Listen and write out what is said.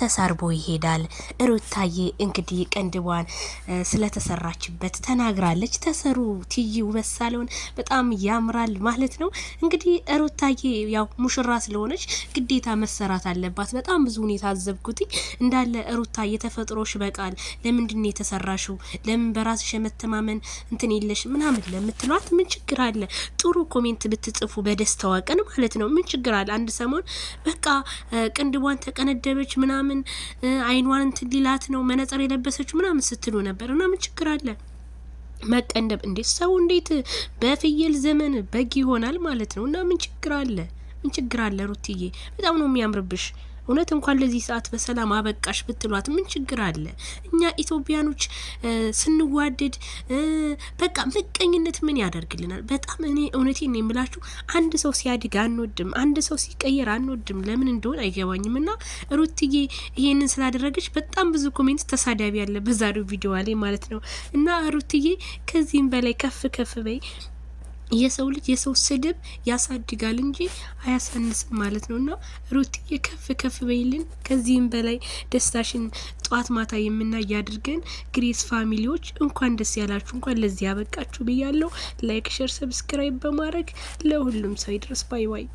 ተሳርቦ ይሄዳል። ሩታዬ እንግዲህ ቅንድቧን ስለተሰራችበት ተናግራለች። ተሰሩ ትይ ውበት ሳለውን በጣም ያምራል ማለት ነው። እንግዲህ ሩታዬ ያው ሙሽራ ስለሆነች ግዴታ መሰራት አለባት። በጣም ብዙ ሁኔታ አዘብኩት እንዳለ ሩታዬ ተፈጥሮሽ በቃል ለምንድን ነው የተሰራሽው? ለምን በራስሽ የመተማመን እንትን የለሽ ምናምን ለምትሏት ምን ችግር አለ? ጥሩ ኮሜንት ብትጽፉ በደስታዋ ቀን ማለት ነው ምን ችግር አለ? አንድ ሰሞን በቃ ቅንድቧን ተቀነደበች ምናምን አይኗን እንትን ሊላት ነው መነጽር የለበሰችው ምናምን ስትሉ ነበር እና ምን ችግር አለ? መቀንደብ እንዴት ሰው እንዴት በፍየል ዘመን በግ ይሆናል ማለት ነው። እና ምን ችግር አለ? ምን ችግር አለ? ሩትዬ በጣም ነው የሚያምርብሽ። እውነት እንኳን ለዚህ ሰዓት በሰላም አበቃሽ ብትሏት ምን ችግር አለ? እኛ ኢትዮጵያኖች ስንዋደድ በቃ ምቀኝነት ምን ያደርግልናል? በጣም እኔ እውነቴን ነው የምላችሁ፣ አንድ ሰው ሲያድግ አንወድም፣ አንድ ሰው ሲቀየር አንወድም። ለምን እንደሆነ አይገባኝም። እና ሩትዬ ይሄንን ስላደረገች በጣም ብዙ ኮሜንት ተሳዳቢ ያለ በዛሬው ቪዲዮ ላይ ማለት ነው። እና ሩትዬ ከዚህም በላይ ከፍ ከፍ በይ። የሰው ልጅ የሰው ስድብ ያሳድጋል እንጂ አያሳንስም ማለት ነው። እና ሩትዬ ከፍ ከፍ በይልን፣ ከዚህም በላይ ደስታሽን ጠዋት ማታ የምናይ ያድርገን። ግሬስ ፋሚሊዎች እንኳን ደስ ያላችሁ፣ እንኳን ለዚህ ያበቃችሁ ብያለሁ። ላይክ፣ ሸር፣ ሰብስክራይብ በማድረግ ለሁሉም ሰው ይድረስ። ባይ ባይ።